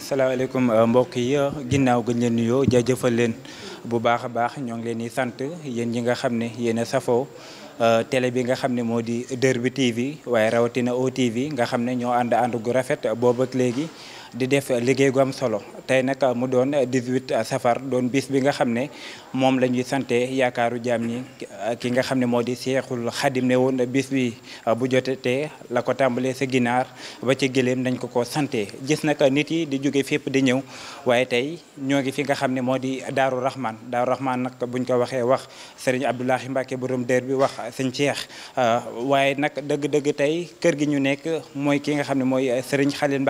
asalaamaaleykum euh, mbokk yi euh, ginnaaw gën leen nuyoo jaajëfal leen bu baax a baax ñoo ngi leen di sant yéen ñi nga xam ne yéen a safoo euh, télé bi nga xam ne moo di Derby TV waaye rawatina OTV nga xam ne ñoo ànd ànd gu rafet boobu ak léegi. di def liggéey gu am solo tey nag mu doon 18 safar doon bis bi nga xam ne moom la ñuy sante yaakaaru jaam ñi ki nga xam ne moo di Seexul Xadim ne woon bis bi bu jotetee la ko tàmbalee sa ginaar ba ci gëléem dañ ko ko sante gis nag nit yi di jóge fépp di ñëw waaye tey ñoo ngi fi nga xam ne moo di Daaru Rahman Daaru Rahman nag buñ ko waxee wax Sëriñ Abdoulahi Mbacke borom dër bi wax sëñ Ceex uh, waaye nag dëgg-dëgg tey kër gi ñu nekk mooy ki nga xam ne mooy Sëriñ Xalil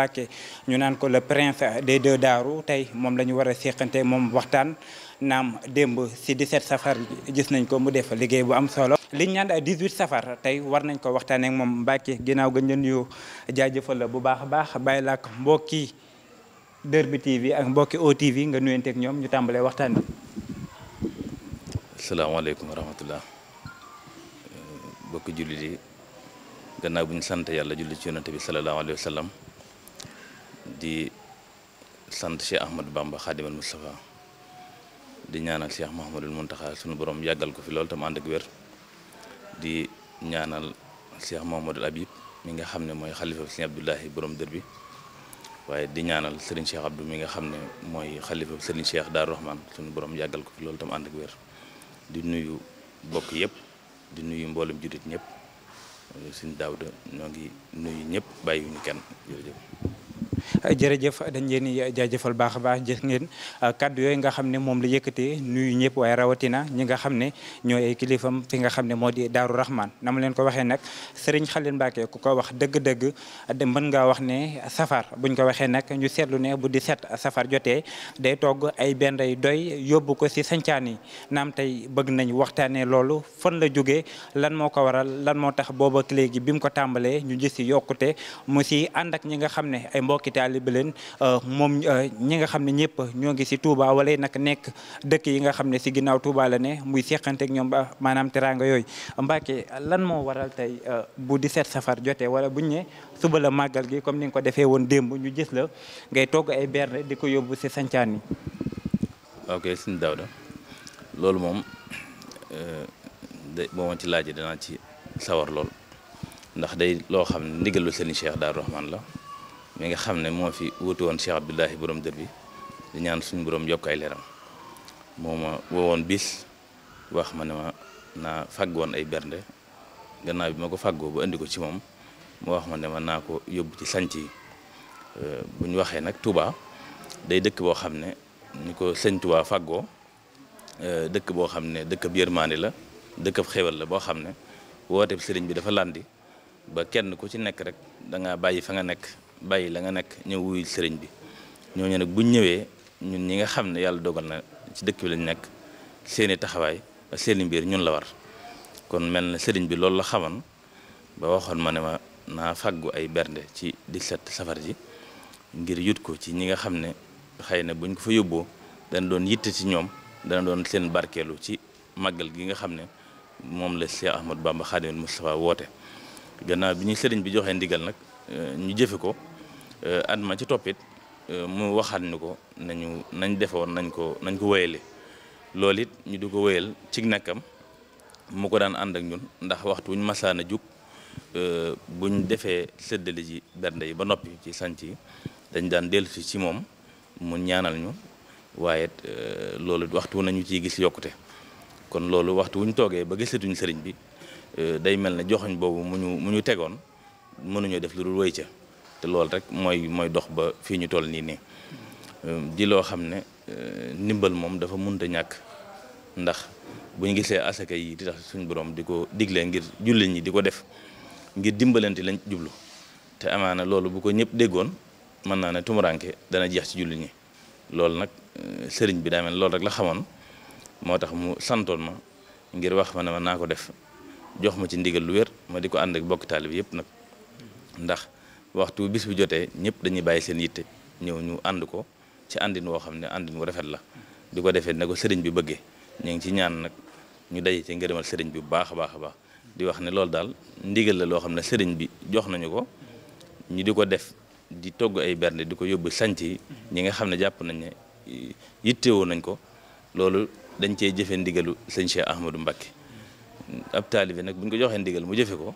naan ko le prince des deux daaru tey moom lañu ñu war a séqante moom waxtaan naam démb si 17 safar gis nañ ko mu def liggéey bu am solo. liñ ñaan 18 safar tey war nañ ko waxtaaneek ak moom Mbacke ginnaaw ga ngeen yoo jaajëfal la bu baax a baax bàyyi la ak mbokki Derby TV ak mbokki OTV nga nuyanteeg ñoom ñu tàmbalee waxtaan bi. asalaamaaleykum wa rahmatullah mbokki jullit yi gannaaw bu ñu sant yàlla julli ci yonante bi salallaahu alayhi wa sallam di sant Cheikh Ahmadou Bamba Xaadimal Moustapha di ñaanal Cheikh Mouhamadul Mountakha sunu borom yàggal ko fi loolu tam ànd ak wér di ñaanal Cheikh Mouhamadul Habib mi nga xam ne mooy xalifa bi Sëriñ Abdoulahi borom dër waaye di ñaanal sëriñ Cheikh Abdou mi nga xam ne mooy xalifa bi Serigne Cheikh Daaru Rahman sunu borom yàggal ko fi loolu tam ànd ak wér di nuyu bokk yëpp di nuyu mboolem juddit ñëpp. suñ daaw da ñoo ngi nuyu ñëpp bàyyiwuñu kenn jërëjëf jërëjëf dañ leen di jaajëfal baax a baax jëf kaddu yooyu nga xam ne moom la yëkkatee nuyu ñëpp waaye rawatina ñi nga xam ne ñooy ay kilifam fi nga xam ne moo di Daaru Rahman na ma leen ko waxee nag Serigne Khalil Mbacke ku ko wax dëgg-dëgg mën ngaa wax ne safar buñ ko waxee nag ñu seetlu ne bu di set safar jotee day togg ay benday doy yóbbu ko si sancaan yi naam tey bëgg nañ waxtaanee loolu fan la jógee lan moo ko waral lan moo tax booba léegi bi mu ko tàmbalee ñu gis si yokkute mbokki taalibe leen euh, moom euh, ñi nga xam ne ñëpp ñoo ngi si Touba wala yi nag nekk dëkk yi nga xam ne si ginnaaw Touba la ne muy seqanteeg ñoom ba maanaam teraanga yooyu Mbacke lan moo waral tey euh, bu di seet safar jotee wala buñ ne suba la màggal gi comme ni nga ko defee woon démb ñu jës la ngay togg ay berne di ko yóbbu si sancaan yi ok sëñ Daouda loolu moom boo ma ci laajee danaa ci sawar lool ndax day loo xam ne ndigalu sëñ Cheikh Daarou Rahman mi nga xam ne moo fi wutu woon Cheikh Abdoulahi boroom dër bi di ñaan suñu borom yokk ay leeram moo ma woowoon bis wax ma ne ma naa fàggoon ay bernde gannaaw bi ma ko fàggoo ba indi ko ci moom moo wax ma ne ma naa ko yóbbu ci sañc yi euh, bu ñu waxee nag Touba day dëkk boo xam ne ñu ko waa Touba fàggoo euh, dëkk boo xam ne dëkk ab yërmaande la dëkk ab xéwal la boo xam ne woo woote sëriñ bi dafa landi ba kenn ku ci nekk rek danga bàyyi fa nga nekk bàyyi la nga nekk ñëw wuyu sëriñ bi ñooñu nag buñ ñëwee ñun ñi nga xam ne yàlla dogal na ci dëkk bi lañu nekk seeni taxawaay ak seeni mbir ñun la war kon mel na sëriñ bi loolu la xamoon ba waxoon ma ne ma naa fàggu ay bernde ci di set safar ji ngir yut ko ci ñi nga xam ne xëy na buñ ko fa yóbboo dana doon yitte ci ñoom dana doon seen barkeelu ci màggal gi nga xam ne moom la Cheikh Ahmad Bamba Xaadimul Moustapha woote gannaaw bi ñuy sëriñ bi joxee ndigal nag euh, ñu jëfe ko Euh, at ma ci toppit euh, mu waxaat ni ko nañu nañ defoon nañ ko nañ ko wéyale loolu it ñu di ko wéyal ci nekkam mu ko daan ànd ak ñun ndax waxtu wuñ masaana jug euh, buñ defee séddale ji bernde yi ba noppi ci sanc yi dañ daan dellusi ci moom mu ñaanal ñu waaye loolu waxtu nañu ci gis yokkute kon loolu waxtu wuñ toogee ba gisatuñ sëriñ bi day mel ne joxoñ boobu mu ñu mu ñu tegoon mënuñoo def lu dul wéy ca te loolu rek mooy mooy dox ba fii ñu toll nii nii euh, di loo xam ne euh, ndimbal moom dafa mënta ñàkk ndax bu ñu gisee asaka yi di tax suñu borom di ko digle ngir julli ñi di ko def ngir dimbalanti lañ jublu te amaana loolu bu ko ñëpp déggoon mën naa ne tumuraanke dana jeex ci julli ñi loolu nag euh, sëriñ bi daa mel loolu rek la xamoon moo tax mu santoon ma ngir wax ma ne ma naa ko def jox ma ci ndigal lu wér ma di ko ànd ak bokk taalibi yëpp nag ndax waxtu bis bu jotee ñëpp dañuy bàyyi seen yitte ñëw ñu ànd ko ci àndin woo xam ne àndin wu rafet la di ko defee na ko sëriñ bi bëggee ñu ngi ci ñaan nag ñu daje ci ngërëmal sëriñ bi bu baax a baax a baax di wax ne loolu daal ndigal la loo xam ne sëriñ bi jox nañu ko ñu di ko def di togg ay bernde di ko yóbbu sanc ñi nga xam ne jàpp nañ ne yittewoo nañ ko loolu dañ cee jëfee ndigalu sëñ Cheikh Ahmadou Mbacké ab taalibe nag buñ ko joxee ndigal mu jëfe ko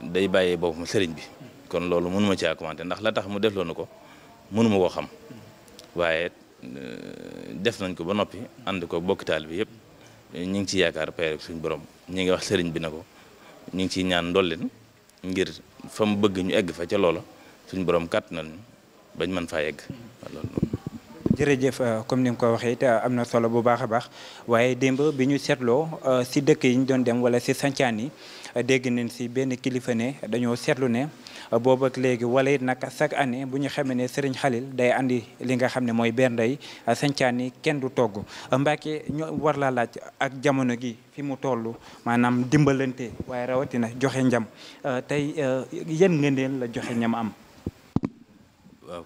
day bàyyee boppam sëriñ bi kon loolu mënu ma caa commenté ndax la tax mu def loonu ko mënuma ma xam waaye euh, def nañ ko ba noppi ànd ko bokk taal bi yëpp ñu ngi ciy yaakaar paye suñu borom ñu ngi wax sëriñ bi na ko ñu ngi ciy ñaan ndolleen ngir fa bëgg ñu egg fa ca loola suñu borom kàtt nañu bañ mën faa yegg jërëjëf euh, comme ni nga koy waxee te am na solo bu baax a baax waaye démb bi ñu seetloo euh, si dëkk yi doon dem wala si sancaan yi dégg nañ si benn kilifa ne dañoo seetlu ne boobu ak léegi wala it nag chaque année bu ñu xamee ne Serigne xalil day andi li nga xam ne mooy benn day sañcaan yi kenn du togg Mbacke ñu war laa laaj ak jamono gi fi mu toll maanaam dimbalante waaye rawatina joxe njam euh, tey euh, yéen ngeen la joxe ñam am. waaw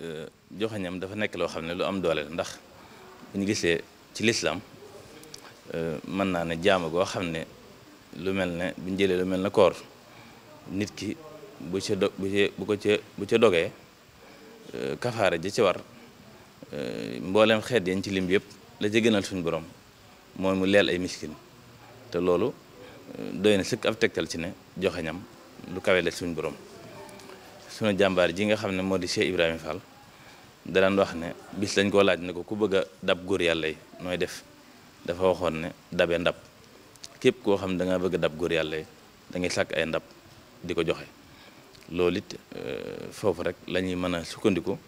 euh, joxe ñam dafa nekk loo xam ne lu am dooleel ndax bu ñu gisee ci lislaam mën naa ne jaama goo xam ne lu mel ne buñ jëlee lu mel ne koor nit ki. bu ca do bu ca bu ko ca bu ca dogee euh, kafaara ji ci war euh, mboolem xeet yañ ci lim yëpp la ca gënal suñu borom mooy mu leel ay miskin te loolu euh, doy na sëkk ab tegtal ci ne joxe ñam lu kawele la suñu borom sunu jàmbaar ji nga xam ne moo di Cheikh Ibrahima Fall daan wax ne bis lañ koo laaj ne ko ku bëgg dab góor yàlla yi nooy def dafa waxoon ne dabe ndab képp koo xam ne da nga bëgg a dab góor yàlla yi da ngay sàkk ay ndab di ko joxe loolu it euh, foofu rek lañuy ñuy mën a sukkandiku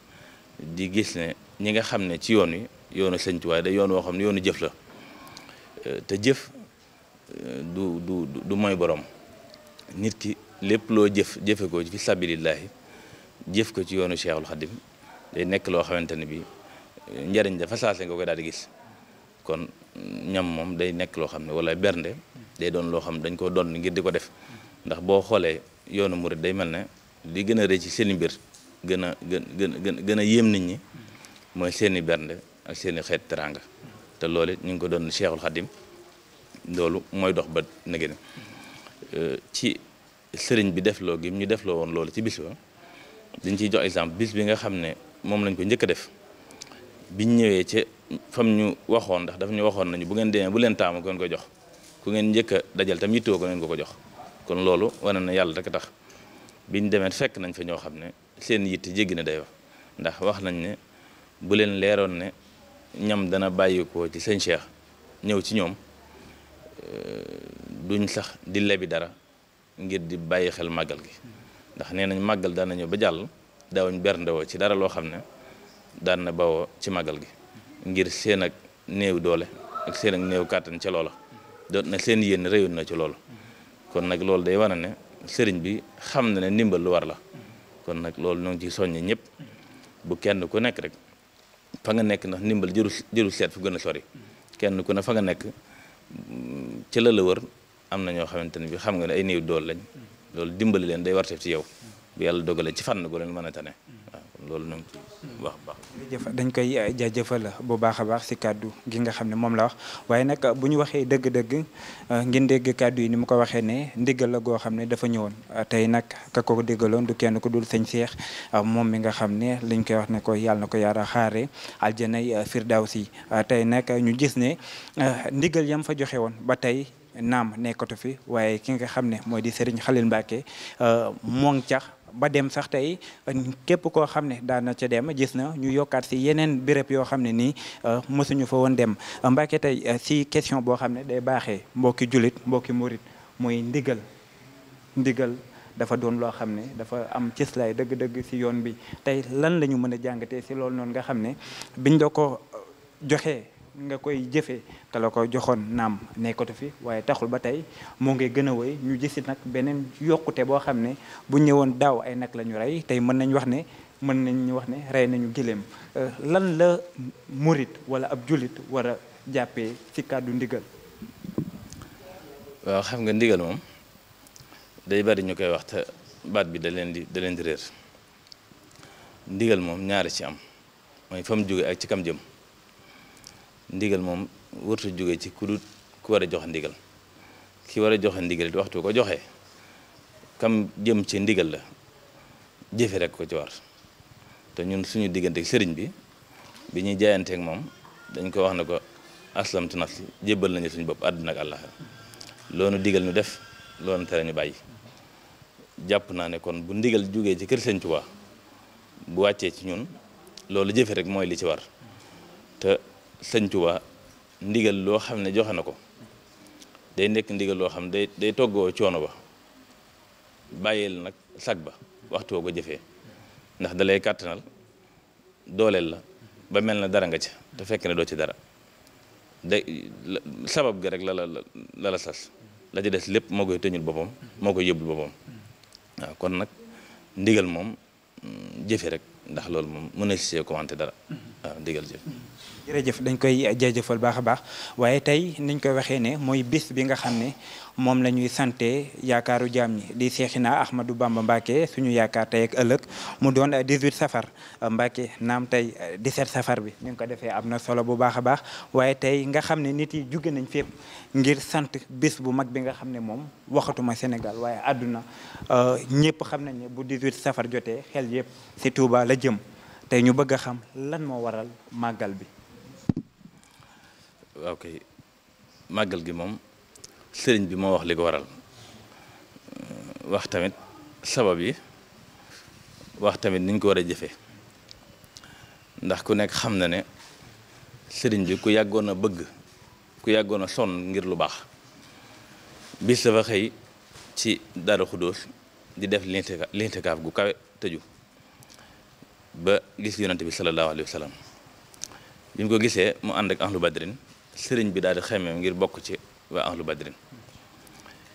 di gis ne ñi nga xam ne ci yoon wi yoonu Sëñ Tuubaa da yoon woo xam ne yoonu jëf la euh, te jëf euh, du du du mooy borom nit ki lépp loo jëf jëfe ko fi jëf ko ci yoonu Cheikhul Khadim day nekk loo xamante ne bi njariñ dafa saase nga koy daal di gis kon ñam moom day nekk loo xam ne wala bernde day doon loo xam ne dañ ko doon ngir di ko def ndax boo xoolee. yoonu murit day mel ne li gën a rëy ci seeni mbir gën a gën gën gën a yéem nit ñi mooy seeni bernde ak seeni xeet teraanga te loolu ñu ngi ko doon Cheikhul Khadim loolu mooy dox ba nëgëni euh, ci sëriñ bi def loo gi ñu def loo woon loolu ci bis ba dañ ciy jox exemple bis bi nga xam ne moom lañ ko njëkk a def biñ ñëwee ca fam ñu waxoon ndax dafa ñu waxoon nañu bu ngeen demee bu leen taamu ko ngeen ko jox ku ngeen njëkk dajal tam yittewoo ko ngeen ko ko jox kon loolu wane na yàlla rek tax ñu demee fekk nañ fa ñoo xam ne seen yitte jéggi na day dayoo ndax wax nañ ne bu leen leeroon ne ñam dana bàyyikoo ci seen Cheikh ñëw ci ñoom euh, duñ sax di lebi dara ngir di bàyyi xel màggal gi ndax nee nañ màggal daan na ñëw ba jàll daawuñ berndewoo ci dara loo xam ne daan na bawoo ci màggal gi ngir seen ak néew doole ak seen ak néew kàttan ca loola doot na seen yéen réyoon na ci loola kon nag loolu day wane ne sëriñ bi xam na ne ndimbal lu war la kon nag loolu ñoo ngi ciy soññe ñëpp bu kenn ku nekk rek fa nga nekk ndax ndimbal jëru jëru seet fu gën a sori kenn ku ne fa nga nekk ci la la wër am na ñoo xamante ne bi xam nga ne ay néew dool lañ loolu dimbali leen day warteef ci yow bu yàlla dogalee ci fànn ko leen mën a tane loolu na dañ koy jaajëfal bu baax a baax si kàddu gi nga xam ne moom la wax waaye nag bu ñu waxee dëgg-dëgg euh, ngeen dégg kàddu yi ni mu koy waxee ne ndigal la goo xam ne dafa ñëwoon tey nag ka ko déggaloon du kenn ku dul sëñ Cheikh euh, moom mi nga xam ne liñ koy wax ne ko yàlla na ko yaara xaare aljanay euh, firdawsi tey nag ñu gis ne ndigal yam fa joxe woon ba tey naam nekkatu fi waaye ki nga xam ne mooy di sëriñ Khalil Mbacke moncax ba dem sax tey képp koo xam ne daan na ca dem gis na ñu yokkaat si yeneen béréb yoo xam ne nii euh, mësuñu fa woon dem Mbacke tey euh, si question boo xam ne day baaxee mbokki julit mbokki murit mooy ndigal ndigal dafa doon loo xam ne dafa am lay dëgg-dëgg si yoon bi tey lan la ñu mën a jàngatee si lool noon nga xam ne biñ la ko euh, joxe nga koy jëfe te la ko joxoon naam nekkatu fi waaye taxul ba tey moo ngi gën a wéy ñu gisi nag beneen yokkute boo xam ne bu ñëwoon daaw ay nag lañu rey tey mën nañ wax ne mën nañu wax ne rey nañu gëléem euh, lan la murit wala ab julit war a jàppee ci kàddu ndigal waaw xam nga ndigal moom day bari ñu koy wax te baat bi da leen di da leen di réer ndigal moom ñaari ci am mooy fa jóge ak ci kam jëm ndigal moom wërtu jóge ci ku ku war a jox ndigal ki war a joxe ndigal it waxtu ko joxe kam jëm ci ndigal la jëfe rek ko ci war te ñun suñu diggante sëriñ bi bi ñuy jaayanteeg moom dañ ko wax na ko aslamtu nafsi jëbal nañu suñu bopp àdduna ak àllaxa loonu digal ñu def loonu te ñu bàyyi jàpp naa ne kon bu ndigal jógee ci kër Sëñ Tuubaa bu wàccee ci ñun loolu jëfe rek mooy li ci war te sëñ Tuubaa ndigal loo xam ne joxe na ko day nekk ndigal loo xam ne day day toggoo coono ba bàyyil nag sag ba waxtu ko jëfee ndax da lay kàttanal dooleel la ba mel na dara nga ca te fekk ne doo ci dara day sabab ga rek la sas la ci des lépp moo koy tëñul boppam moo koy yóbbul boppam waaw kon nag ndigal moom mm, jëfe rek ndax loolu moom mën na si commenté dara waaw jëf jërëjëf dañ koy jaajëfal baax a baax waaye tey niñ koy waxee ne mooy bis bi nga xam ne moom la ñuy sante yaakaaru jaam ñi di Seexina Ahmadou Bamba mbaake suñu yaakaar tey ak ëllëg mu doon 18 safar Mbacke naam tey 17 safar bi ni nga ko defee am na solo bu baax a baax waaye tey nga xam ne nit yi jóge nañ fépp ngir sant bis bu mag bi nga xam ne moom waxatuma Sénégal waaye àdduna euh, ñëpp xam nañ ne bu 18 safar jotee xel yëpp ci Touba la jëm tey ñu bëgg a xam lan moo waral màggal bi. waaw gi moom. sëriñ bi moo wax li ko waral wax tamit sabab yi wax tamit ni ñu ko war a jëfee ndax ku nekk xam na ne sëriñ bi ku yàggoon a bëgg ku yàggoon a sonn ngir lu baax bis dafa xëy ci Daaru Xudóos di def l'intikaaf gu kawe tëju ba gis yonante bi sallallahu alayhi wa sallam bi mu ko gisee mu ànd ak ahlu badrin sëriñ bi daal di xemmeem ngir bokk ci waa ahlu badrin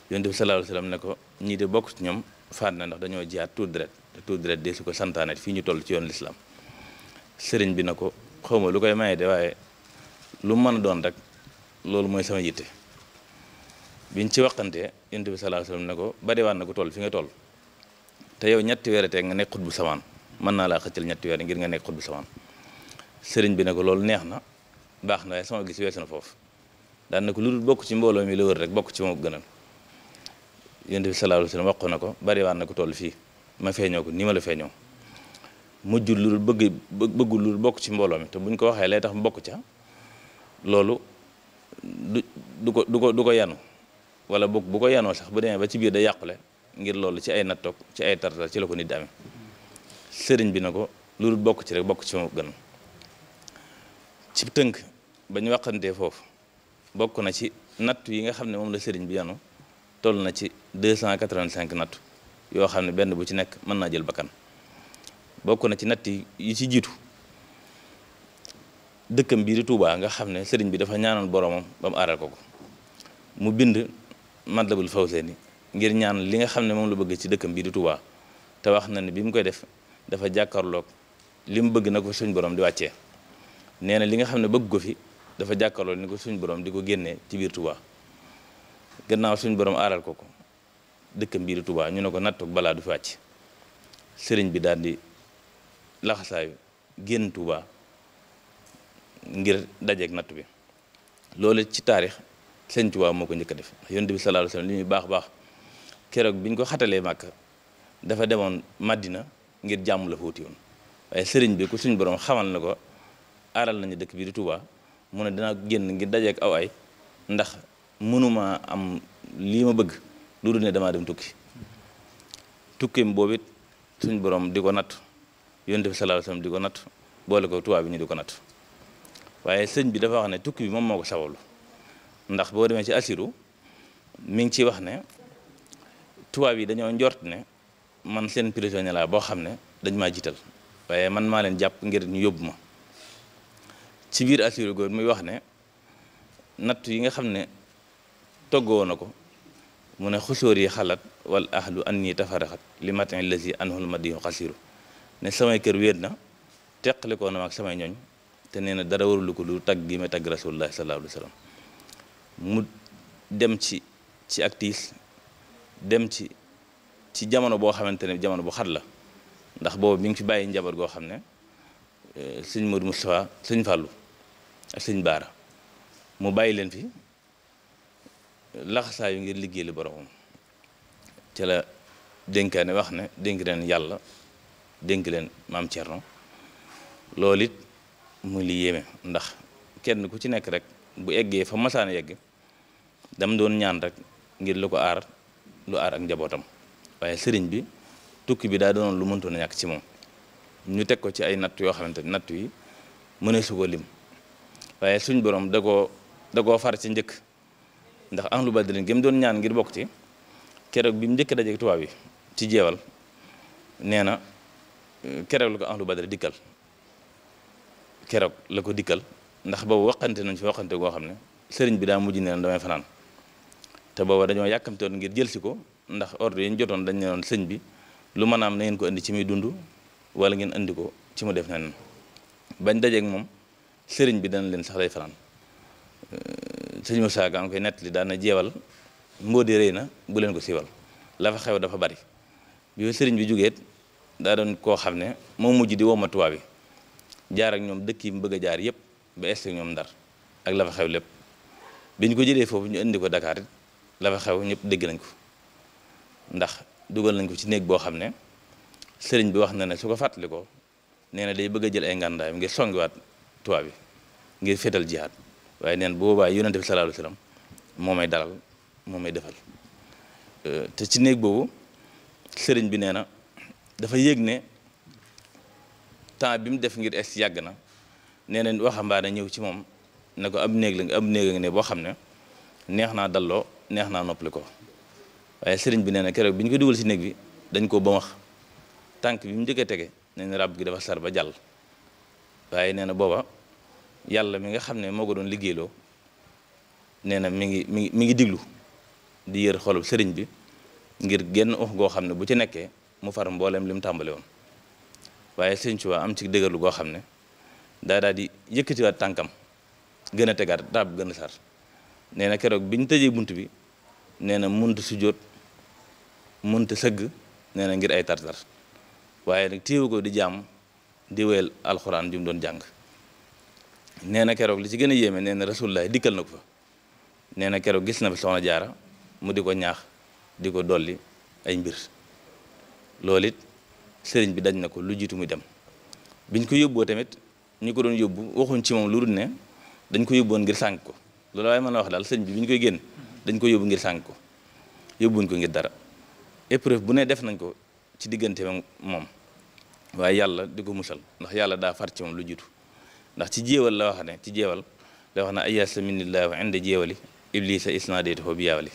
yonent bi sallallahu alayhi wasallam ne ko ñii de bokk ci ñoom faat na ndax dañoo jaar tuur deret te tuur deret de su ko santaane fii ñu toll ci yoon lislaam sëriñ bi na ko xawma lu koy maye de waaye lu mën a doon rek loolu mooy sama yitte biñ ci waxantee yonent bi sallallahu alayhi wasallam ko bariwaat na ko toll fi nga toll te yow ñetti weer nga nekk xut mën naa laa xëccal ñetti weer ngir nga nekk xut bu samaan sëriñ bi ne loolu neex na baax na waaye sama gis weesu na foofu daan na ko lu dul bokk ci mbooloo mi la wër rek bokk ci moom gënal yonent bi sallallahu alayhi wa wax na ko bari waan na ko toll fii ma feeñoo ko ni ma la feeñoo mujjul lu dul bëgg bokk ci mbooloo mi te buñ ko waxee lay tax mu bokk loolu du ko du ko yanu wala bokk bu ko yanoo sax bu demee ba ci biir da yàqule ngir loolu ci ay nattoog ci ay tartal ci la ko nit amee sëriñ bi na ko lu dul bokk ci rek bokk ci moom gënal ci tënk ba ñu foofu bokk na ci nattu yi nga xam ne moom la sëriñ bi yanu toll na ci 285 nattu yoo xam ne benn bu ci nekk mën naa jël bakkan bokk na ci natt yi ci jiitu dëkkam bii di Touba nga xam ne sëriñ bi dafa ñaanoon boromam ba mu aaral ko ko mu bind Matlabul Fawzayni ngir ñaan li nga xam ne moom la bëgg ci dëkkam bii di Touba te wax na ne bi mu koy def dafa jàkkarlook li mu bëgg na ko suñ borom di wàccee nee na li nga xam ne bëgg ko fi. dafa jàkkaarloo ni ko suñu borom di ko génnee ci biir Touba gannaaw suñu borom aaral ko ko dëkkam biir tubaa ñu ne ko nattuk balaa du fi wàcc sëriñ bi daal di laxasaayu génn Touba ngir dajeeg natt bi loolu ci taarix sëñ Touba moo ko njëkk a def yonent bi sallallahu alayhi wasallam li muy baax baax keroog bi ñu ko xatalee Màkka dafa demoon màddina ngir jàmm la fa wuti woon waaye sëriñ bi ku suñu borom xamal na ko aaral nañu dëkk bi di Touba. mu ne dinaa génn ngir dajeek aw ay ndax mënuma am lii ma bëgg lu dul ne damaa dem tukki tukkim boobu it suñ borom di ko natt yonent def sallallahu alayhi di ko natt boole ko tubaab bi ñu di ko natt waaye sëñ bi dafa wax ne tukki bi moom moo ko sabalu ndax boo demee ci asiru mi ngi ciy wax ne tubaab yi dañoo njort ne man seen prisonnier laa boo xam ne dañ maa jiital waaye man maa leen jàpp ngir ñu yóbbu ma ci biir assuré góor muy wax ne natt yi nga xam ne toggoo na ko mu ne xusóor yi xalaat wal lu an nii tafaraxat li matin lasi ma madiyu xasiru ne samay kër wéet na teqalikoo na ak samay ñooñ te nee na dara warulu ko lu tag gi ma tagg rasulullahi sallallahu alayhi wa sallam mu dem ci ci ak tiis dem ci ci jamono boo xamante ne jamono bu xat la ndax boobu mi ngi fi bàyyi njaboot goo xam ne eh, sëñ Modou Moustapha sëñ Fallou ak sëñ baara mu bàyyi leen fi laxasaa yu ngir liggéey boromam ci la dénkaane wax ne dénk leen yàlla dénk leen maam Thierno loolu it muy li yéeme ndax kenn ku ci nekk rek bu eggee fa masaana yegg dam doon ñaan ngir lu ko aar lu aar njabootam waaye sëriñ bi tukki bi daa doonoon lu mëntoon a ñàkk ci moom ñu teg ko ci ay natt yoo xamante ne natt yi mëne su ko lim waaye suñ boroom da koo da koo far ci njëkk ndax ahlu badrin gi doon ñaan ngir bokk ci keroog bi mu njëkk dajeeg tubaab yi ci jeewal nee na keroog la ko ahlu badri dikkal keroog la ko dikkal ndax boobu waxante nañ fi waxante goo xam ne sëriñ bi daa mujj neen leen damay fanaan te booba dañoo yàkkamtewoon ngir jël si ko ndax ordre yi ñu jotoon dañ ne sëñ bi lu manaam na ngeen ko indi ci muy dund wala ngeen indi ko ci mu def neneen bañ dajeek moom sëriñ bi dana leen sax lay fanaan euh, sëñ Moussa Ka koy nettali daan na jeewal mbóodi rëy na bu leen ko siwal la fa xew dafa bari bi sëriñ bi jógeet daa doon koo xam ne moo mujj di woma tubaab bi jaar ak ñoom dëkk yi mu bëgg a jaar yëpp ba est ñoom ndar ak la fa xew lépp bi ñu ko jëlee foofu ñu indi ko Dakar it la fa xew ñëpp dégg nañ ko ndax dugal nañ ko ci néeg boo xam ne sëriñ bi wax na ne su ko fàttalikoo nee na day bëgg a jël ay ngàndaayam ngir songiwaat tubaab bi ngir féetal jihaad waaye neen boobaa yonente bi sallallahu alayhi wa sallam moo may dalal moo may defal euh, te ci néeg boobu sëriñ bi nee na dafa yéeg ne temps bi mu def ngir es yàgg na nee waxambaane ñëw ci moom ne ko ab néeg la ab néeg nga ne boo xam ne neex naa dalloo neex naa noppali ko waaye sëriñ bi neena na keroog bi ñu ko dugal ci néeg bi dañ koo ba wax tànk bi mu njëkkee tege nee ràbb gi dafa sar ba jàll waaye nee na booba yàlla mi nga xam ne moo ko doon liggéeyloo nee na mi ngi mi ngi mi ngi diglu di yër xolub sëriñ bi ngir génn ux goo xam ne bu ci nekkee mu far mbooleem li mu tàmbale woon waaye sëriñ Tuubaa am ci dëgërlu goo xam ne daa daal di yëkkatiwaat tànkam gën a tegaat daab gën a sar nee na keroog bi ñu tëjee bunt bi nee na munta sujjóot munta sëgg nee na ngir ay tartar waaye nag téewu ko di jàmm di wéyal alxuraan ju mu doon jàng nee na keroog li ci gën a yéeme nee na rasulullah dikkal na ko fa nee na keroog gis na fi soxna jaara mu di ko ñaax di ko dolli ay mbir lool it sëriñ bi dañ na ko lu jiitu muy dem biñ ko yóbboo tamit ñu ko doon yóbbu waxuñ ci moom lu dul dañ ko yóbboon ngir sànq ko loolu waaye mën a wax daal sëriñ bi bi ñu koy génn dañ ko yóbbu ngir sànq ko yóbbuñ ko ngir dara épreuve bu ne def nañ ko ci diggante moom waaye yàlla di ko musal ndax yàlla daa far lu jiitu ndax ci jéewal la wax ne ci jéewal la wax ne ayasa minillah wa inda jéewali iblisa isnadaytu fo bi yaawali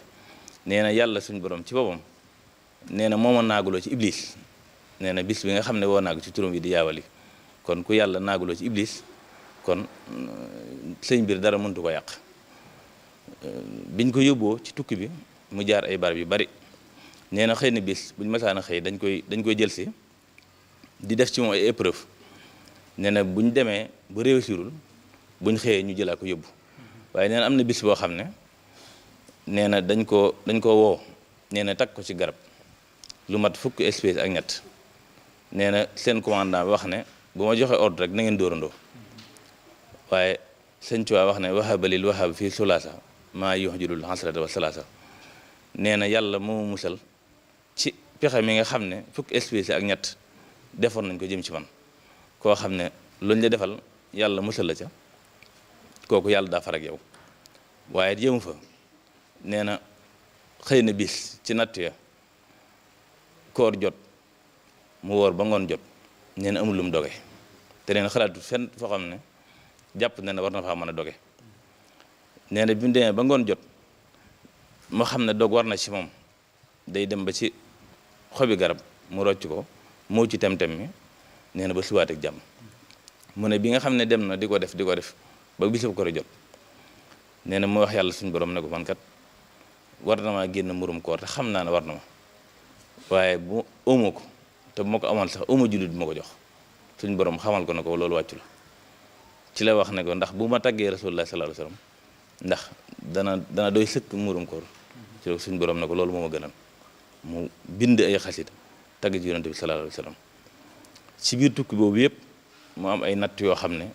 nee na yàlla suñ boroom ci boppam nee na mooma naaguloo ci iblis nee na bis bi nga xam ne woo naagu ci turam yi di yaawali kon ku yàlla naaguloo ci iblis kon euh, sëñ biir dara mëntu ko yàq euh, biñ ko yóbboo ci tukki bi mu jaar ay barab yu bari nee na xëy na bis buñ masaan a xëy dañ koy dañ koy jël si di def ci moom ay épreuve nee na bu ñu demee bu réussirul bu ñu xëyee ñu jëlaako yóbbu waaye nee am na bis boo xam ne nee na dañ ko dañ ko woo nee na takk ko ci garab lu mat fukki espèce ak ñett nee na seen commandant bi wax ne bu ma joxe ordre rek na ngeen dóorandoo waaye sëñ Tuubaa wax ne wahaba lil wahab fii sulaasa maa yuhjidul hasrata wa salaasa nee na yàlla moo musal ci pexe mi nga xam ne fukk espèce ak ñett defoon nañ ko jëm ci man koo xam ne luñ la defal yàlla musal la ca kooku yàlla daa far yow waaye yëmu fa nee na xëy na bis ci natt ya koor jot mu woor ba ngoon jot nee na amul doge te nee xalaatu fenn foo xam ne jàpp na ne war na faa mën a doge nee na bi ba ngoon jot mu xam ne dog war na ci moom day dem ba ci xobi garab mu rocc ko moo ci tem-tem mi nee na ba siwaat ak jàmm mu ne bi nga xam ne dem na di ko def di ko def ba bisu ko jot nee na mu wax yàlla suñ borom ne ko man kat war na maa génn murum koor te xam naa ne war na ma waaye bu ëmma ko te bu ma ko amal sax ëmma jullit bi ma ko jox suñ borom xamal ko ne ko loolu wàccu la ci la wax ne ko ndax bu ma tàggee rasulullah la alayhi wasallam ndax dana dana doy sëkk murum koor ci la suñu borom ne ko loolu moo ma gënal mu bind ay xasit tagg ci yonente bi sallallahu alayhi ci biir tukki boobu yëpp mu am ay natt yoo xam ne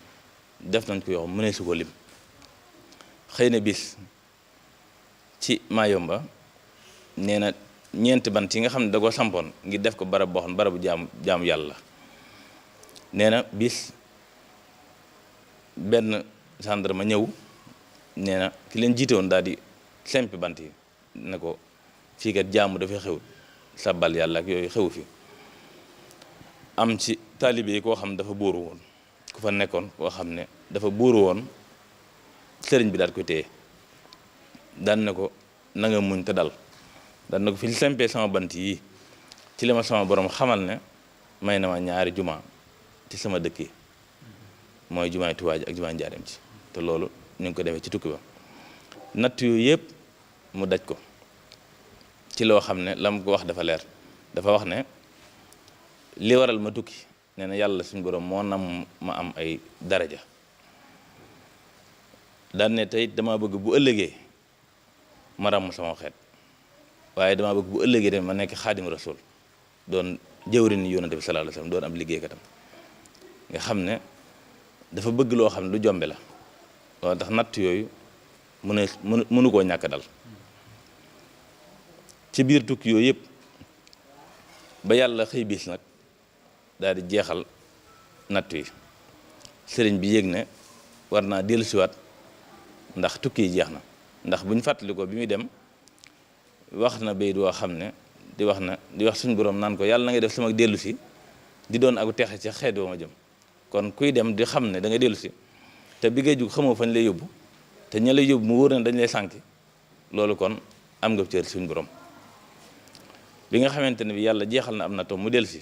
def nañ ko yoo xam mënee su ko lim xëy na bis ci Mayomba nee na ñeenti bant yi nga xam ne da ko sampoon ngir def ko barab boo xam ne barabu jaam jaamu nee na bis benn gendarme ñëw nee na ki leen jiite woon daal bant yi ne ko fii kat jaamu dafay xew sabbal yàlla ak yooyu xewu fi am ci taalibe koo xam ne dafa buuru woon ku fa nekkoon koo xam ne dafa buuru woon sëriñ bi daal koy téye daan na ko nanga nga muñ te dal daan na ko fi sempee sama bant yii ci li ma sama boroom xamal ne may na ma ñaari jumaa ci sama dëkk mooy jumaay Tuubaa ji ak jumaay Njaareem ci te loolu ñu ngi ko defee ci tukki ba natt yooyu yëpp mu daj ko ci loo xam ne la ko wax dafa leer dafa wax ne li waral ma tukki nee na yàlla suñu borom moo nam ma am ay daraja daan ne tey dama bëgg bu ëllëgee ma ràmm sama xet waaye dama bëgg bu ëllëgee tamit ma nekk xaadim rasul doon jëwrin yonante bi sallallahu alayhi wasallam doon am liggéeykatam nga xam ne dafa bëgg loo xam ne du jombe la loolu tax natt yooyu mën a mënu koo ñàkk dal ci biir tukki yooyu yépp ba yàlla xëy bis nag daal di jeexal natt wi sëriñ bi yéeg ne war naa dellusiwaat ndax tukki jeex na ndax bu ñu fàttali ko bi muy dem wax na bayit woo xam ne di wax na di wax suñu borom naan ko yàlla na nga def suma dellu si di doon ak texe ci xeet ma jëm kon kuy dem di xam ne da dellusi te bi ngay jug xamoo fañ lay yóbbu te ña lay yóbbu mu wóor na dañ lay sànki loolu kon am nga cër suñu borom bi nga xamante ne bi yàlla jeexal na am na tom mu dellu si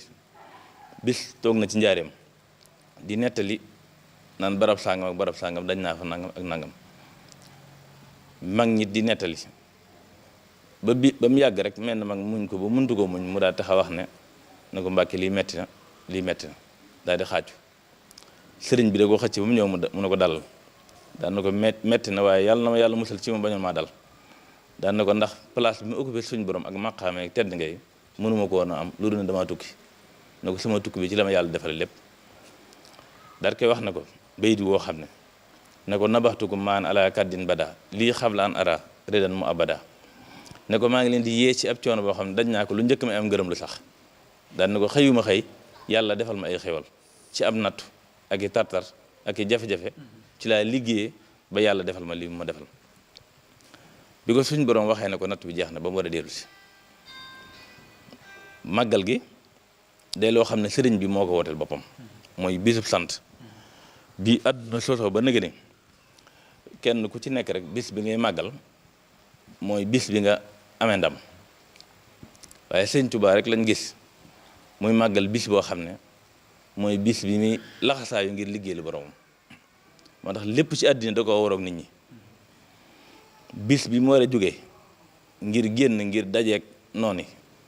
bis toog na ci njaareem di nettali naan barab sàngam ak barab sàngam dañ naa fa nangam ak nangam mag ñi di nettali ba bi ba mu yàgg rek mel na mag muñ ko ba muntu koo muñ mu daal taxa wax ne na ko mbàkke lii metti na lii metti na daal di xaaju sëriñ bi da ko xëcc ba mu ñëw mu ne ko dalal daan na ko metti na yàlla na yàlla musal ci ma bañoon maa dal daan na ko ndax place bi mu occupé suñu borom ak maqaame ak tedd ngay mënuma ko woon am lu dul ne damaa tukki na ko sama tukki bi ci la ma yàlla defale lépp dar wax na ko bayit woo xam ne ne ko nabaxtukum maan ala kaddin bada lii xabla an ara redan mu abada ne ko maa ngi leen di yee ci ab coono boo xam ne dañ naa ko lu njëkk may am ngërëm lu sax daan na ko xëyuma xëy yàlla defal ma ay xewal ci am nattu ak i tartar ak i jafe-jafe ci laa liggéeyee ba yàlla defal ma lii mu ma defal bi ko suñ boroom waxee ne ko natt bi jeex na ba mu war a dellu si màggal gi de loo xam ne sëriñ bi moo ko wooteel boppam mooy bisub sant bi àdduna sosoo ba nëgëni kenn ku ci nekk rek bis bi ngay màggal mooy bis bi nga amee ndam waaye sëñ tubaa rek lañ gis muy màggal bis boo xam ne mooy bis bi muy laxasaayu ngir liggéeyal boromam moo tax lépp ci àddina da koo waroog nit ñi bis bi mu war a jóge ngir génn ngir dajeek noonu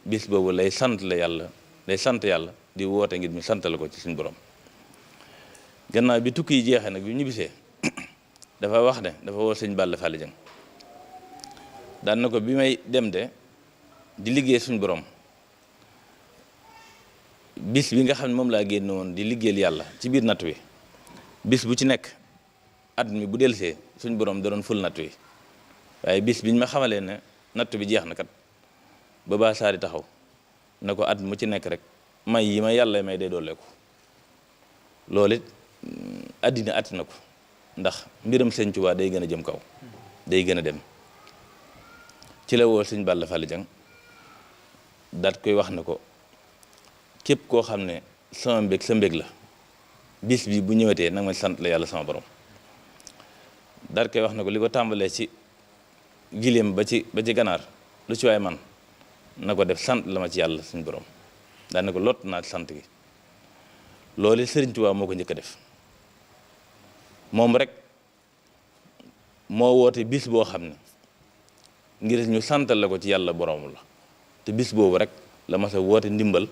bis boobu lay sant la yàlla day sant yàlla di woote ngir mu santale ko ci suñu borom gannaaw bi tukki yi jeexee nag bi ñibbisee dafa wax ne dafa woo sëñ bàll Fally Dieng daan ko bi may dem de di liggéey suñ boroom bis bi nga xam ne moom laa génnewoon di liggéey yàlla ci biir natt wi bis bu ci nekk at mi bu delsee suñ borom da doon ful natt wi waaye bis biñ ma xamalee ne natt bi jeex na kat ba baa saari taxaw na ko at mu ci nekk rek may yi ma yàlla may day dooleeku loolu it mm, àddina at na ko ndax mbiram sëñ Tuubaa day gën a jëm kaw day gën a dem ci la woo sëñ Balla Fally Dieng daat koy wax na ko képp koo xam ne sama mbég sa mbég la bis bi bu ñëwetee nag ma sant la yàlla sama borom daat koy wax na ko li ko tàmbalee ci giléem ba ci ba ci ganaar lu ci man na ko def sant la ma ci yàlla suñ boroom daan na ko lott naa sant gi loolu Sëriñ Tuubaa moo ko njëkk a def moom rek moo woote bis boo xam ne ngir ñu santal la ko ci yàlla boroomu la te bis boobu rek la ma sa woote ndimbal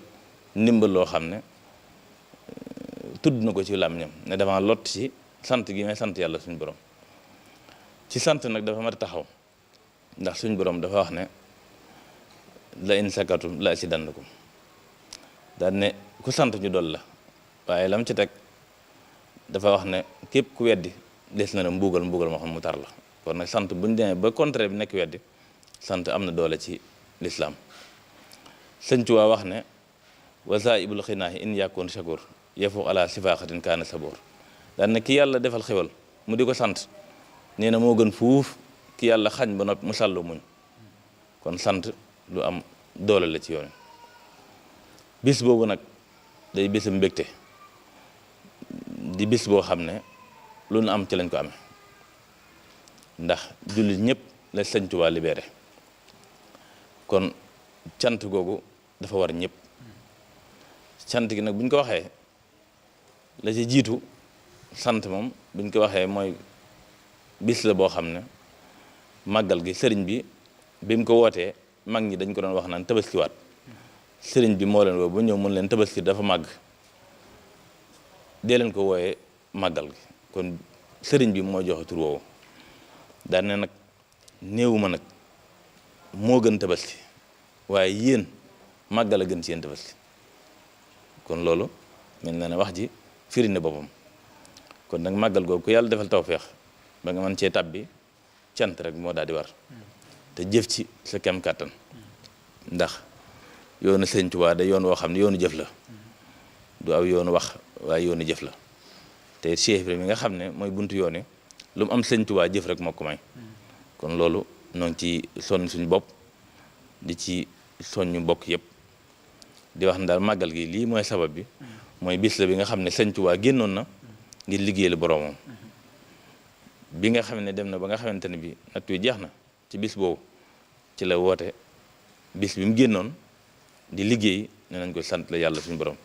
ndimbal loo xam ne euh, tudd na ko ci làmmiñam ne dama lot ci sant gi may sant yàlla suñ boroom ci sant nag dafa ma a taxaw ndax suñu borom dafa wax ne la in shakartum la azidannakum daan ne ku sant ñu dool la waaye lam ci teg dafa wax ne képp ku weddi des na ne mbuugal mbuugal moo xam mu tar la kon nag sant bu ñu demee ba contre bi nekk weddi sant am na doole ci lislaam sëñ Tuubaa wax ne wasaa'ibul xinaahi in yakun shakur yafu ala sifaaxatin kaana saboor daan ki yàlla defal xewal mu di ko sant nee moo gën fuuf ki yàlla xañ ba noppi mu sàllu muñ kon sant lu am doole la ci yoon bis boobu nag day bisam mbégte di bis boo xam ne lu nu am ci lañ ko amee ndax jullit ñëpp la Sëñ Tuubaa libéré kon cant googu dafa war ñépp cant gi nag bu ñu ko waxee la ci jiitu sant moom bu ñu ko waxee mooy bis la boo xam ne màggal gi sëriñ bi bi mu ko wootee mag ñi dañ ko doon wax naan waat sëriñ bi moo leen woo ba ñëw mën leen tabaski dafa màgg dee leen ko wooye màggal gi kon sëriñ bi moo joxe tur woowu daan ne nag néewuma nag moo gën tabaski waaye yéen màggal a gën ci yéen kon loolu mel na ne wax ji firi na boppam kon nag màggal googu ku yàlla defal tawféex ba nga mën cee tàbbi cant rek moo daal di war te jëf ci sa kem kàttan ndax yoonu Sëñ Tuubaa da yoon woo xam ne yoonu jëf la du aw yoonu wax waaye yoonu jëf la te Cheikh Ibrahima mi nga xam ne mooy bunt yoon lu mu am Sëñ jëf rek moo may kon loolu noo ci sonn suñu bopp di ci soññu mbokk yëpp di wax ne daal màggal gi lii mooy sabab bi mooy bis la bi nga xam ne Sëñ génnoon na ngir liggéeyal boroomam bi nga xam ne dem na ba nga xamante ne bi natt wi jeex na ci bis boobu ci la woote bis bi mu génnoon di liggéey nee nañ koy sant la yàlla suñ borom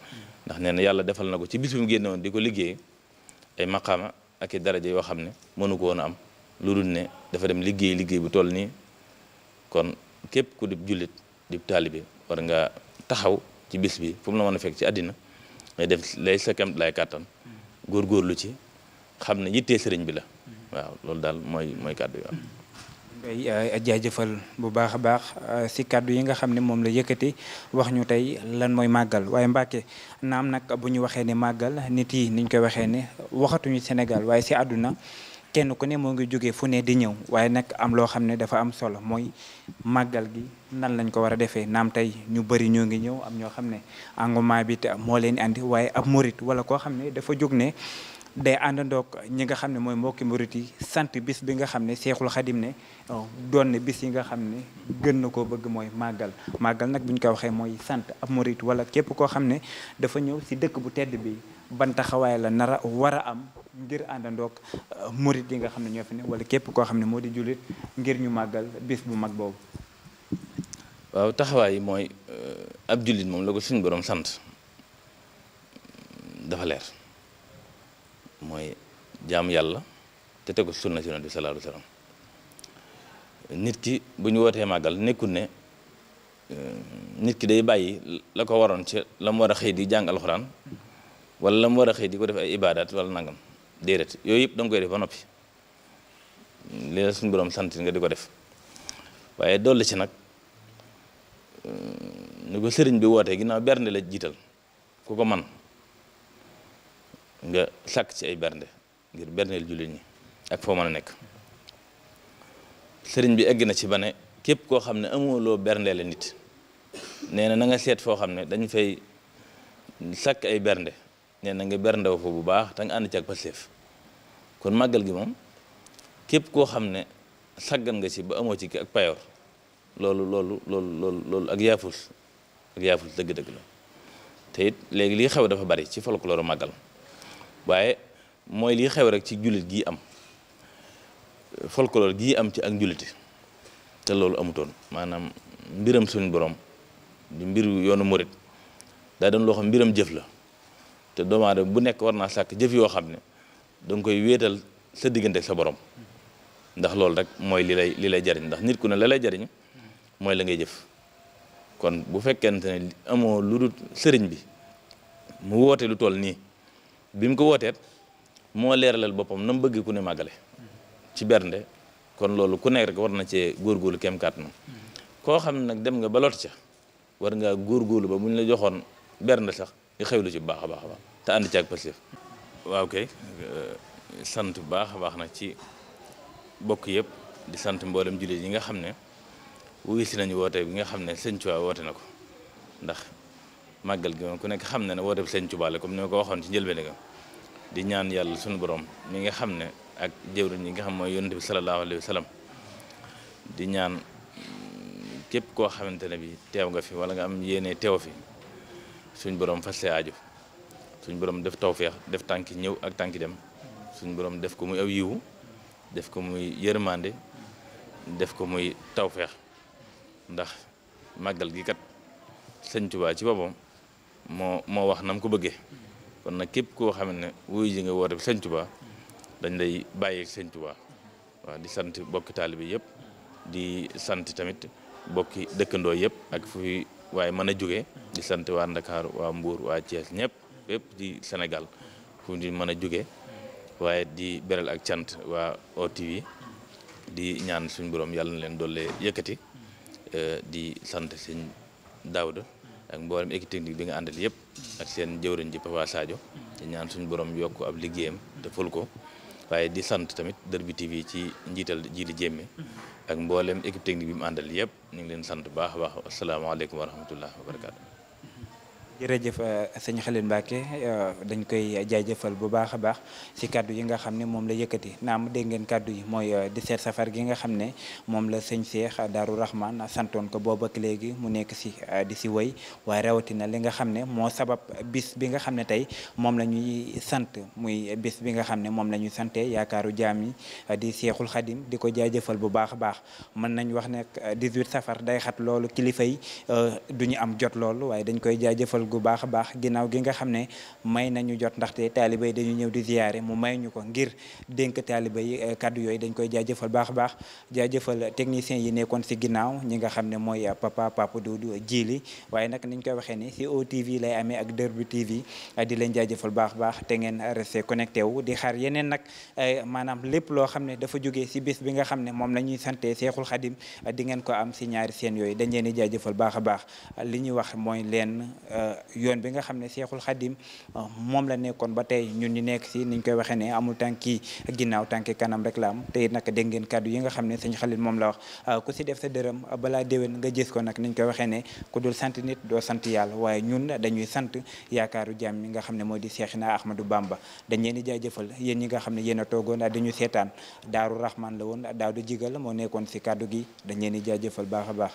ndax nee na yàlla defal na ko ci bis bi mu génnoon di ko liggéey ay maqaama ak i daraja yoo xam ne mënu ko woon am lu dul ne dafa dem liggéey liggéey bu toll nii kon képp ku di jullit di taalibe war nga taxaw ci bis bi fu mu la mën a fekk ci àddina ngay def lay sa kem lay kàttan góorgóorlu ci xam ne yittee sëriñ bi la mm-hmm. waaw loolu daal mooy mooy kàddu yi koy eh, jaajëfal bu baax a baax eh, si kàddu yi nga xam ne moom la yëkkati wax ñu tey lan mooy màggal waaye Mbàkke naam nag bu ñu waxee ne màggal nit yi niñ koy waxee ne waxatuñu Sénégal waaye si àdduna kenn ku ne moo ngi jógee fu ne di ñëw waaye nag am loo xam ne dafa am solo mooy màggal gi nan lañ ko war a defee naam tey ñu bëri ñoo ngi ñëw am ñoo xam ne engouement bi moo leen andi waaye am murit wala koo xam ne dafa jóg ne day àndandoog ñi nga xam ne mooy mbokki murit yi sant bis bi nga xam ne seexul xadim ne oh, doon ne bis yi nga xam ne gën na koo bëgg mooy màggal màggal nag bu ñu ko waxee mooy sant ab murit wala képp koo xam ne dafa ñëw si dëkk bu tedd bi ban taxawaay la nara war a am ngir àndandoog uh, murit yi nga xam ne ñoo fi ne wala képp koo xam ne moo di jullit ngir ñu màggal bis bu mag boobu waaw taxawaay yi mooy uh, ab jullit moom la ko suñu borom sant dafa leer mooy jaam yàlla te tegu sunna si yonent bi sallallahu alayhi wa nit ki bu ñu wootee màggal nekkul ne euh, nit ki day bàyyi la ko waroon ci la mu war a xëy di jàng alxuraan wala la mu war a xëy di ko def ay ibaadaat wala nangam déedéet yooyu yëpp da nga koy def ba noppi li la suñu borom sant nga di ko def waaye dolli ci nag euh, ni ko sëriñ bi wootee ginnaaw bernde la jiital ku ko man nga sàkk ci ay bernde ngir berndeel jullit ñi ak foo mën a nekk sëriñ bi egg na ci ba ne képp koo xam ne amoo loo berndeele nit nee na na nga seet foo xam ne dañ fay sàkk ay bernde nee na nga berndew ko bu baax te nga ànd ci ak pasteef kon màggal gi moom képp koo xam ne sàggan nga ci amoo ci ak payoor loolu loolu loolu loolu ak yaafus ak yaafus dëgg-dëgg la te it léegi li xew dafa bari ci folklore màggal waaye mooy li xew rek ci jullit gii am lool gii am ci ak julliti te loolu amutoon maanaam mbiram suñ borom di mbir yoonu murit daa doon loo xam mbiram jëf la te doomu bu nekk war naa sàkk jëf yoo xam ne danga koy wéetal sa diggante sa borom ndax loolu rek mooy li lay li lay jariñ ndax nit ku ne la lay jariñ mooy la ngay jëf kon bu fekkente ne amoo lu dul sëriñ bi mu woote lu tool nii bi mu ko wooteet moo leeralal boppam na mu bëgg ku ne màggale ci bernde kon loolu ku nekk rekk war na cee góorgóorlu kem kàttanam koo xam nag dem nga ba lot ca war ngaa góorgóorlu ba bu ñu la joxoon bernde sax nga xewlu ci bu baax a baax a baax te ànd ci pasif waaw kay euh, sant bu baax a baax nag ci bokk yëpp di sant mboolem jullit yi nga xam ne wuyu nañu woote bi nga xam ne sëñ woote na ko ndax màggal gi moom ku nekk xam na ne woote bi sëñ Tuubaa la comme ni ma ko waxoon ci njëlbéen ga di ñaan yàlla suñu boroom mi nga xam ne ak jëwriñ yi nga xam mooy yonent bi salallaahu alayhi wa di ñaan képp koo xamante ne bi teew nga fi wala nga am yéene teew fi suñ borom fas see aaju suñ borom def tawféex def tànki ñëw ak tànki dem suñ borom def ko muy aw yiwu def ko muy yërmande def ko muy tawféex ndax màggal gi kat sëñ Tuubaa ci boppam. moo moo wax nam ko bëggee kon nag képp koo xam ne wuyu ji nga woote bi sëñ Tuubaa dañ lay bàyyi sëñ Tuubaa waaw di sant bokki taalibe yëpp di sant tamit bokki dëkkandoo yëpp ak fuy waaye mën a jóge di sant waa ndakaaru waa Mbuur waa Thiès ñëpp yëpp di senegal fu di mën a jóge waaye di beral ak cant waa wi di ñaan suñ borom yàlla na leen doole yëkkati eh, di sant sëñ Daawda ak mboolem équipe technique bi nga àndal yëpp ak seen jëwriñ ji Papa Sadio di ñaan suñu boroom yokk ab liggéeyam te ful ko waaye di sant tamit Derby TV ci njiital ji li jémme ak mboolem équipe technique bi mu àndal yëpp ñu ngi leen sant bu baax a baax asalaamaaleykum wa rahmatullah wa barakatu jërëjëf euh, sëñ Xalil Mbacke euh, dañ koy jaajëfal bu baax a baax si kaddu yi nga xam ne moom la yëkkati naam dégg ngeen kaddu yi mooy 17 euh, safar gi nga xam ne moom la sëñ Cheikh Darou Rahman santoon ko boobu léegi mu nekk si di si wéy waaye rawatina li nga xam ne moo sabab bis bi nga xam ne tey moom la ñuy sant muy bis bi nga xam ne moom la ñuy yaakaaru jaam yi di Cheikhul Khadim di ko jaajëfal bu baax a baax mën nañ wax ne 18 safar day xat loolu kilifa yi du ñu am jot lool waaye dañ koy jaajëfal cofeel gu baax a baax ginnaaw gi nga xam ne may nañu jot ndaxte taaliba yi dañu ñëw di ziyaare mu may ñu ko ngir dénk taaliba yi eh, kaddu yooyu dañ koy jaajëfal baax a baax jaajëfal technicien yi nekkoon si ginnaaw ñi nga xam ne mooy eh, papa papa Doudou Djili waaye nag niñ koy waxee ni si OTV lay amee ak Derby TV eh, di leen jaajëfal baax a baax te ngeen resté connecté wu di xaar yeneen nag maanaam lépp loo xam ne dafa jógee si bis bi nga xam ne moom la ñuy sante Seexul Xadim di ngeen ko am si ñaari seen yooyu da leen di jaajëfal baax a baax li wax mooy leen yoon bi nga xam ne Seexul Xadim uh, moom la nekkoon ba tey ñun ñu nekk si niñ koy waxee ne amul tànki ginnaaw tànki kanam rek la am te it nag dégg ngeen kàddu yi nga xam ne sëñ Xalil moom la wax uh, ku si def sa dërëm uh, balaa déwén nga gis ko nag niñ koy waxee ne ku dul sant nit doo sant yàlla waaye ñun dañuy sant yaakaaru jaam mi nga xam ne moo di Seexina Ahmadou Bamba dañ leen di jaajëfal yéen ñi nga xam ne yéen a toogoon dañu seetaan Daaru Rahman la woon Daawdu Jigal moo nekkoon si kàddu gi dañ leen jaajëfal baax a baax